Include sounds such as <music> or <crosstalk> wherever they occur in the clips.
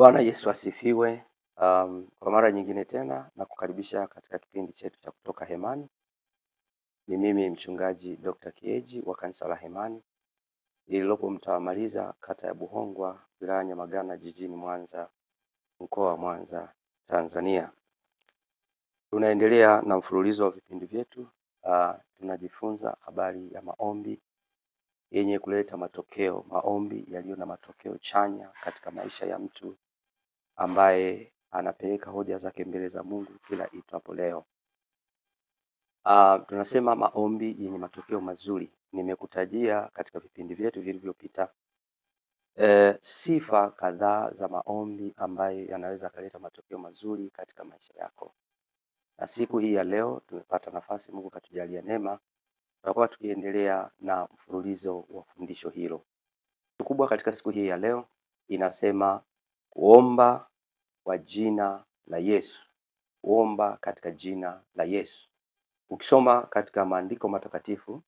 Bwana Yesu asifiwe. Um, kwa mara nyingine tena na kukaribisha katika kipindi chetu cha kutoka hemani. Ni mimi mchungaji Dr. Kieji wa kanisa la Hemani lililopo mtaa wa Maliza, kata ya Buhongwa, wilaya ya Nyamagana, jijini Mwanza, mkoa wa Mwanza, Tanzania. Tunaendelea na mfululizo wa vipindi vyetu. Uh, tunajifunza habari ya maombi yenye kuleta matokeo, maombi yaliyo na matokeo chanya katika maisha ya mtu ambaye anapeleka hoja zake mbele za Mungu kila itwapo leo. Uh, tunasema maombi yenye matokeo mazuri. Nimekutajia katika vipindi vyetu vilivyopita e, sifa kadhaa za maombi ambayo yanaweza akaleta matokeo mazuri katika maisha yako, na siku hii ya leo tumepata nafasi, Mungu katujalia neema, tutakuwa tukiendelea na mfululizo wa fundisho hilo. Kubwa katika siku hii ya leo inasema Kuomba kwa jina la Yesu, kuomba katika jina la Yesu. Ukisoma katika maandiko matakatifu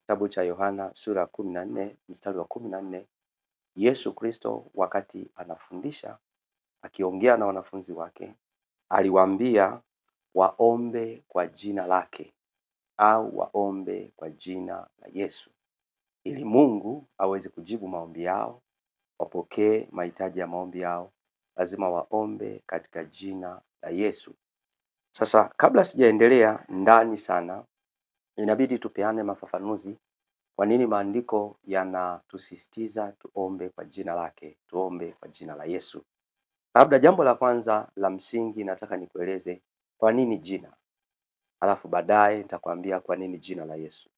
kitabu cha Yohana sura ya kumi na nne mstari wa kumi na nne Yesu Kristo wakati anafundisha akiongea na wanafunzi wake aliwaambia waombe kwa jina lake au waombe kwa jina la Yesu ili Mungu aweze kujibu maombi yao wapokee mahitaji ya maombi yao, lazima waombe katika jina la Yesu. Sasa kabla sijaendelea ndani sana, inabidi tupeane mafafanuzi kwa nini maandiko yanatusisitiza tuombe kwa jina lake, tuombe kwa jina la Yesu. Labda jambo la kwanza la msingi nataka nikueleze kwa nini jina, alafu baadaye nitakwambia kwa nini jina la Yesu.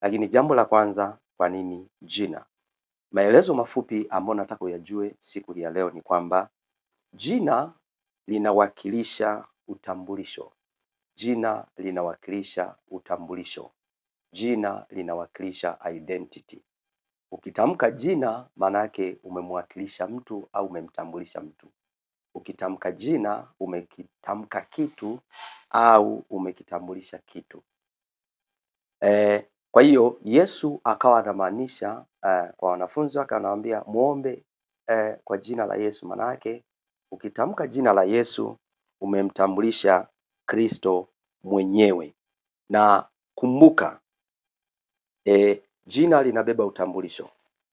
Lakini jambo la kwanza, kwa nini jina? Maelezo mafupi ambayo nataka uyajue siku ya leo ni kwamba jina linawakilisha utambulisho, jina linawakilisha utambulisho, jina linawakilisha identity. Ukitamka jina, maana yake umemwakilisha mtu au umemtambulisha mtu. Ukitamka jina, umekitamka kitu au umekitambulisha kitu. E, kwa hiyo Yesu akawa anamaanisha eh, kwa wanafunzi wake anawaambia muombe eh, kwa jina la Yesu. Maana yake ukitamka jina la Yesu umemtambulisha Kristo mwenyewe, na kumbuka eh, jina linabeba utambulisho.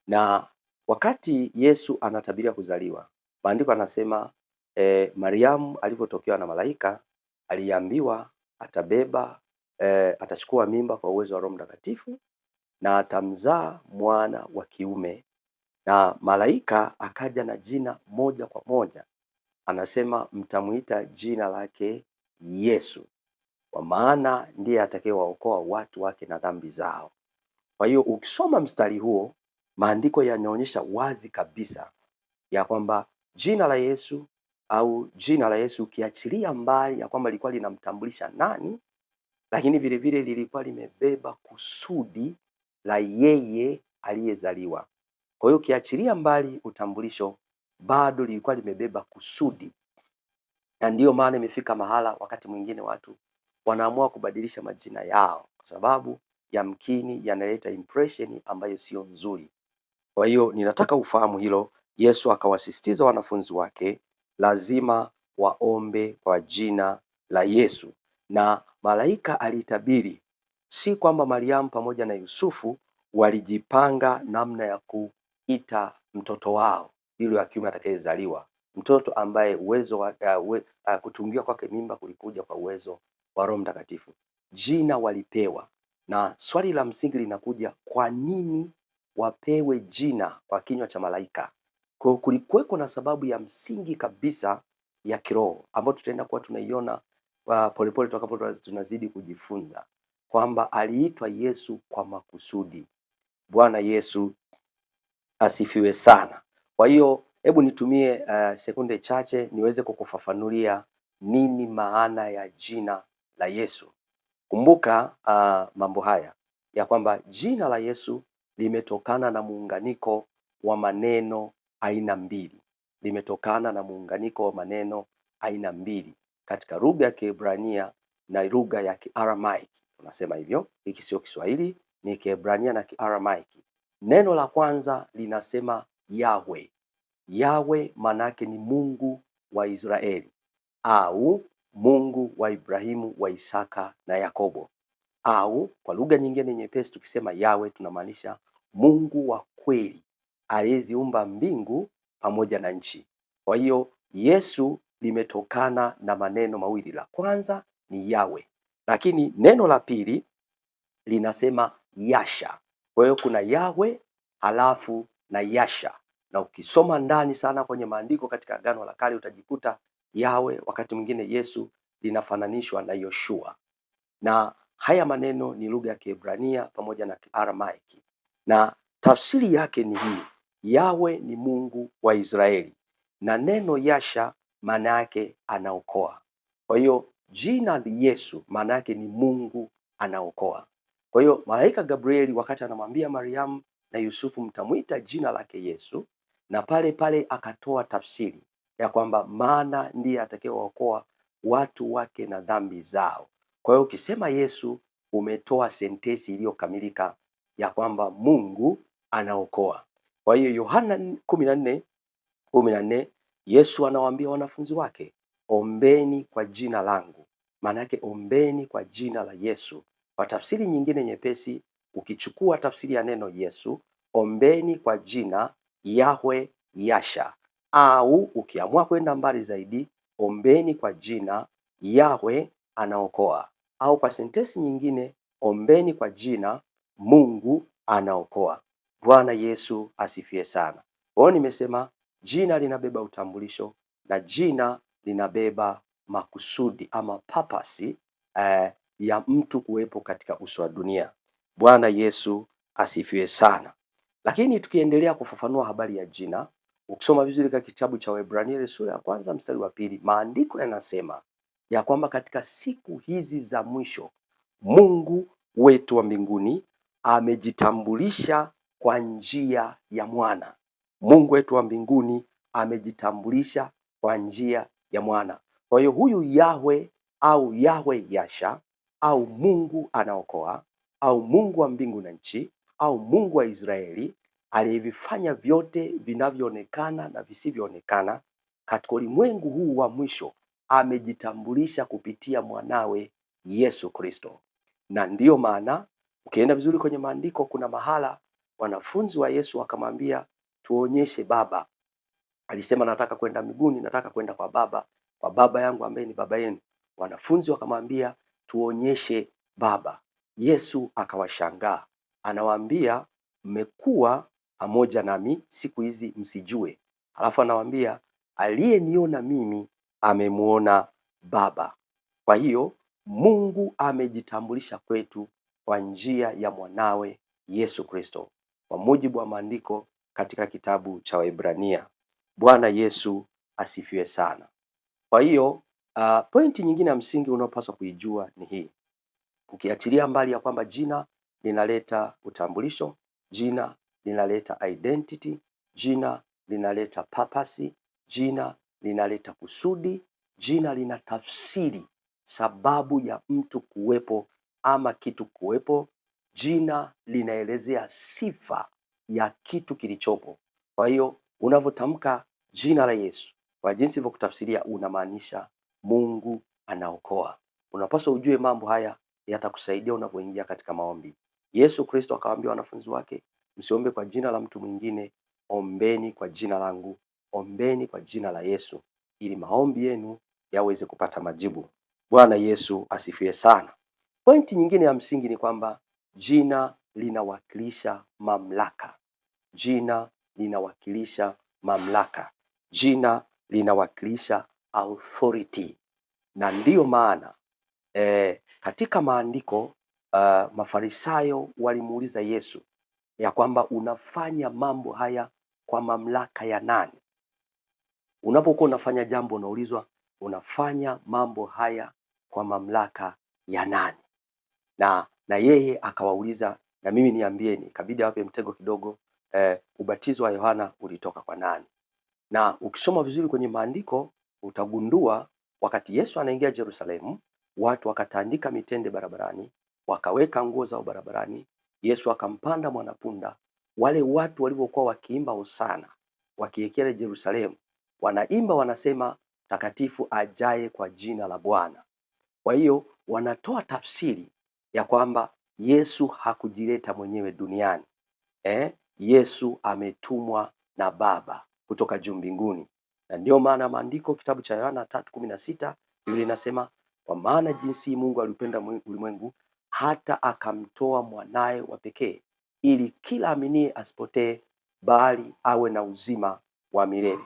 Na wakati Yesu anatabiria kuzaliwa, maandiko anasema eh, Mariamu alivyotokewa na malaika aliambiwa atabeba eh, atachukua mimba kwa uwezo wa Roho Mtakatifu na atamzaa mwana wa kiume, na malaika akaja na jina moja kwa moja, anasema mtamwita jina lake Yesu, kwa maana ndiye atakayewaokoa watu wake na dhambi zao. Kwa hiyo ukisoma mstari huo, maandiko yanaonyesha wazi kabisa ya kwamba jina la Yesu au jina la Yesu ukiachilia mbali ya kwamba lilikuwa linamtambulisha nani lakini vile vile lilikuwa limebeba kusudi la yeye aliyezaliwa. Kwa hiyo ukiachilia mbali utambulisho, bado lilikuwa limebeba kusudi, na ndiyo maana imefika mahala wakati mwingine watu wanaamua kubadilisha majina yao kwa sababu yamkini yanaleta impression ambayo siyo nzuri. Kwa hiyo ninataka ufahamu hilo. Yesu akawasisitiza wanafunzi wake lazima waombe kwa jina la Yesu na malaika alitabiri, si kwamba Mariamu pamoja na Yusufu walijipanga namna ya kuita mtoto wao yule wa kiume atakayezaliwa, mtoto ambaye uwezo wa uh, we, uh, eh, kutungiwa kwake mimba kulikuja kwa uwezo wa Roho Mtakatifu. Jina walipewa, na swali la msingi linakuja, kwa nini wapewe jina kwa kinywa cha malaika? Kwa kulikuweko na sababu ya msingi kabisa ya kiroho ambayo tutaenda kuwa tunaiona polepole tutakapo tunazidi kujifunza kwamba aliitwa Yesu kwa makusudi. Bwana Yesu asifiwe sana. Kwa hiyo hebu nitumie uh, sekunde chache niweze kukufafanulia nini maana ya jina la Yesu. Kumbuka uh, mambo haya ya kwamba jina la Yesu limetokana na muunganiko wa maneno aina mbili, limetokana na muunganiko wa maneno aina mbili katika lugha ya Kiebrania na lugha ya Kiaramaiki. Tunasema hivyo, hiki sio Kiswahili, ni Kiebrania na Kiaramaiki. Neno la kwanza linasema Yahwe. Yahwe maana ni Mungu wa Israeli au Mungu wa Ibrahimu, wa Isaka na Yakobo, au kwa lugha nyingine nyepesi tukisema Yawe tunamaanisha Mungu wa kweli aliyeziumba mbingu pamoja na nchi. Kwa hiyo Yesu limetokana na maneno mawili, la kwanza ni yawe, lakini neno la pili linasema yasha. Kwa hiyo kuna yawe halafu na yasha, na ukisoma ndani sana kwenye maandiko katika Agano la Kale utajikuta yawe wakati mwingine Yesu linafananishwa na Yoshua, na haya maneno ni lugha ya Kiebrania pamoja na Aramaiki, na tafsiri yake ni hii: Yawe ni Mungu wa Israeli, na neno yasha maana yake anaokoa. Kwa hiyo jina Yesu maana yake ni Mungu anaokoa. Kwa hiyo malaika Gabrieli wakati anamwambia Mariamu na Yusufu, mtamwita jina lake Yesu, na pale pale akatoa tafsiri ya kwamba maana ndiye atakayeokoa watu wake na dhambi zao. Kwa hiyo ukisema Yesu umetoa sentesi iliyokamilika ya kwamba Mungu anaokoa. Kwa hiyo Yohana kumi na nne kumi na nne Yesu anawaambia wanafunzi wake, ombeni kwa jina langu. Maana yake ombeni kwa jina la Yesu. Kwa tafsiri nyingine nyepesi, ukichukua tafsiri ya neno Yesu, ombeni kwa jina Yahwe Yasha, au ukiamua kwenda mbali zaidi, ombeni kwa jina Yahwe anaokoa, au kwa sentensi nyingine, ombeni kwa jina Mungu anaokoa. Bwana Yesu asifiwe sana. Kwa hiyo nimesema Jina linabeba utambulisho na jina linabeba makusudi ama papasi eh, ya mtu kuwepo katika uso wa dunia. Bwana Yesu asifiwe sana. Lakini tukiendelea kufafanua habari ya jina, ukisoma vizuri katika kitabu cha Waebrania sura ya kwanza mstari wa pili, maandiko yanasema ya kwamba katika siku hizi za mwisho Mungu wetu wa mbinguni amejitambulisha kwa njia ya mwana. Mungu wetu wa mbinguni amejitambulisha kwa njia ya mwana. Kwa hiyo huyu Yahwe au Yahwe Yasha au Mungu anaokoa au Mungu wa mbingu na nchi au Mungu wa Israeli aliyevifanya vyote vinavyoonekana na visivyoonekana katika ulimwengu huu wa mwisho amejitambulisha kupitia mwanawe Yesu Kristo. Na ndiyo maana ukienda vizuri kwenye maandiko, kuna mahala wanafunzi wa Yesu wakamwambia tuonyeshe Baba. Alisema, nataka kwenda miguni nataka kwenda kwa Baba, kwa Baba yangu ambaye ni Baba yenu. Wanafunzi wakamwambia, tuonyeshe Baba. Yesu akawashangaa, anawaambia, mmekuwa pamoja nami siku hizi, msijue. Alafu anawaambia, aliyeniona mimi amemwona Baba. Kwa hiyo Mungu amejitambulisha kwetu kwa njia ya mwanawe Yesu Kristo. Kwa mujibu wa maandiko, katika kitabu cha Waibrania. Bwana Yesu asifiwe sana. Kwa hiyo uh, pointi nyingine ya msingi unaopaswa kuijua ni hii, ukiachilia mbali ya kwamba jina linaleta utambulisho, jina linaleta identity, jina linaleta papasi, jina linaleta kusudi, jina lina tafsiri, sababu ya mtu kuwepo ama kitu kuwepo. Jina linaelezea sifa ya kitu kilichopo. Kwa hiyo unavyotamka jina la Yesu kwa jinsi kutafsiria unamaanisha Mungu anaokoa. Unapaswa ujue mambo haya yatakusaidia unapoingia katika maombi. Yesu Kristo akawaambia wanafunzi wake, msiombe kwa jina la mtu mwingine, ombeni kwa jina langu, ombeni kwa jina la Yesu ili maombi yenu yaweze kupata majibu. Bwana Yesu asifiwe sana. Pointi nyingine ya msingi ni kwamba jina linawakilisha mamlaka, jina linawakilisha mamlaka, jina linawakilisha authority. Na ndiyo maana e, katika maandiko uh, Mafarisayo walimuuliza Yesu ya kwamba unafanya mambo haya kwa mamlaka ya nani? Unapokuwa unafanya jambo unaulizwa unafanya mambo haya kwa mamlaka ya nani? Na na yeye akawauliza na mimi niambieni, kabidi awape mtego kidogo eh, ubatizo wa Yohana ulitoka kwa nani? Na ukisoma vizuri kwenye maandiko utagundua wakati Yesu anaingia Yerusalemu, watu wakatandika mitende barabarani, wakaweka nguo zao barabarani. Yesu akampanda mwanapunda. Wale watu walivyokuwa wakiimba hosana, wakiekele Yerusalemu, wanaimba wanasema, takatifu ajaye kwa jina la Bwana. Kwa hiyo wanatoa tafsiri ya kwamba Yesu hakujileta mwenyewe duniani eh? Yesu ametumwa na Baba kutoka juu mbinguni, na ndiyo maana maandiko kitabu cha Yohana tatu kumi na sita Biblia inasema kwa maana jinsi Mungu aliupenda ulimwengu hata akamtoa mwanaye wa pekee, ili kila aminie asipotee, bali awe na uzima wa milele.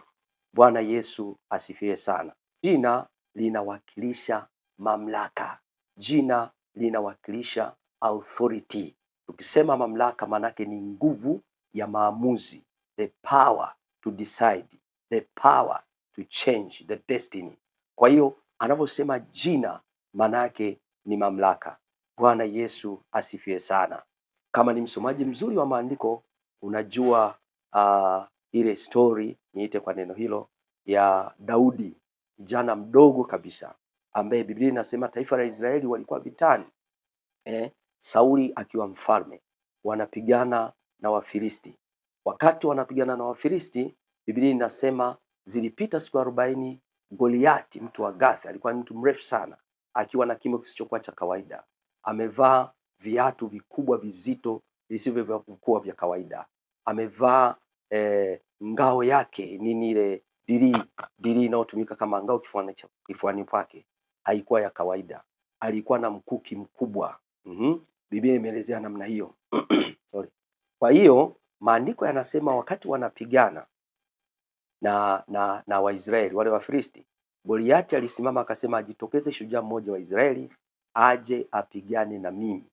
Bwana Yesu asifiwe sana. Jina linawakilisha mamlaka, jina linawakilisha authority. Tukisema mamlaka, maanake ni nguvu ya maamuzi, the power to decide, the power to change the destiny. Kwa hiyo anavyosema jina, maanake ni mamlaka. Bwana Yesu asifiwe sana. Kama ni msomaji mzuri wa maandiko, unajua uh, ile story niite kwa neno hilo ya Daudi, kijana mdogo kabisa ambaye Biblia inasema taifa la Israeli walikuwa vitani eh, Sauli akiwa mfalme, wanapigana na Wafilisti. Wakati wanapigana na Wafilisti, Biblia inasema zilipita siku arobaini, Goliati mtu wa Gathi alikuwa ni mtu mrefu sana, akiwa na kimo kisichokuwa cha kawaida, amevaa viatu vikubwa vizito visivyo vya kawaida, amevaa e, ngao yake nini ile dirii dirii inayotumika kama ngao kifuani, kifuani pake haikuwa ya kawaida, alikuwa na mkuki mkubwa mm -hmm. Biblia imeelezea namna hiyo <clears throat> sorry. Kwa hiyo maandiko yanasema wakati wanapigana na na, na Waisraeli wale Wafilisti, Goliati alisimama akasema, ajitokeze shujaa mmoja wa Israeli aje apigane na mimi.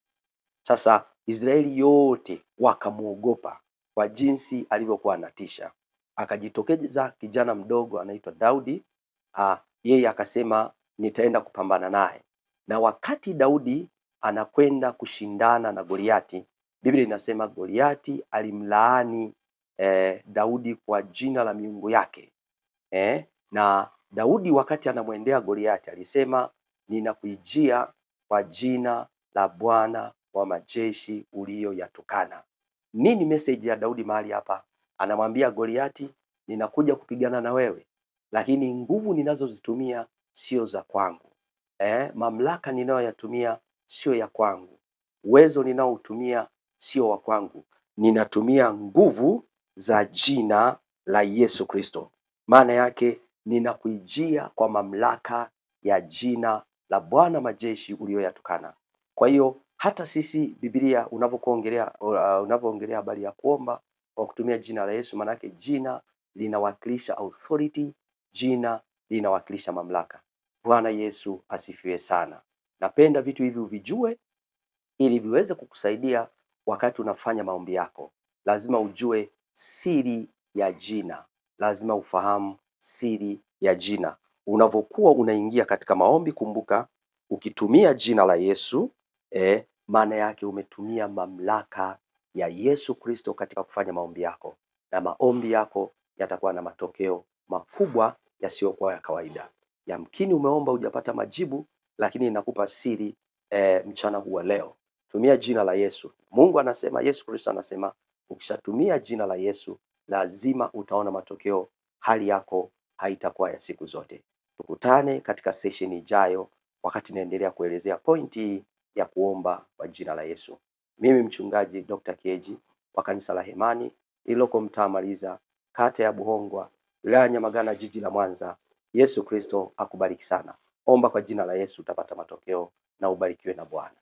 Sasa Israeli yote wakamwogopa kwa jinsi alivyokuwa anatisha. Akajitokeza kijana mdogo anaitwa Daudi. Ah, yeye akasema nitaenda kupambana naye, na wakati Daudi anakwenda kushindana na Goliati. Biblia inasema Goliati alimlaani eh, Daudi kwa jina la miungu yake eh, na Daudi wakati anamwendea Goliati alisema ninakuijia kwa jina la Bwana wa majeshi uliyoyatukana. Nini message ya Daudi mahali hapa? Anamwambia Goliati, ninakuja kupigana na wewe, lakini nguvu ninazozitumia sio za kwangu eh, mamlaka ninayoyatumia sio ya kwangu, uwezo ninaoutumia sio wa kwangu, ninatumia nguvu za jina la Yesu Kristo. Maana yake ninakuijia kwa mamlaka ya jina la Bwana majeshi uliyoyatukana. Kwa hiyo hata sisi Biblia unavyokuongelea uh, unavyoongelea habari ya kuomba kwa kutumia jina la Yesu, yake jina linawakilisha authority, jina linawakilisha mamlaka. Bwana Yesu asifiwe sana. Napenda vitu hivi uvijue ili viweze kukusaidia wakati unafanya maombi yako. Lazima ujue siri ya jina, lazima ufahamu siri ya jina. Unavyokuwa unaingia katika maombi, kumbuka ukitumia jina la Yesu eh, maana yake umetumia mamlaka ya Yesu Kristo katika kufanya maombi yako, na maombi yako yatakuwa na matokeo makubwa yasiyokuwa ya kawaida. Yamkini umeomba hujapata majibu, lakini inakupa siri e, mchana huu wa leo, tumia jina la Yesu. Mungu anasema, Yesu Kristo anasema, ukishatumia jina la Yesu lazima utaona matokeo, hali yako haitakuwa ya siku zote. Tukutane katika sesheni ijayo, wakati naendelea kuelezea pointi ya kuomba kwa jina la Yesu. Mimi mchungaji Dr. Kieji wa kanisa la Hemani lililoko mtaa Maliza, kata ya Buhongwa, wilaya Nyamagana, jiji la Mwanza. Yesu Kristo akubariki sana omba kwa jina la Yesu, utapata matokeo na ubarikiwe na Bwana.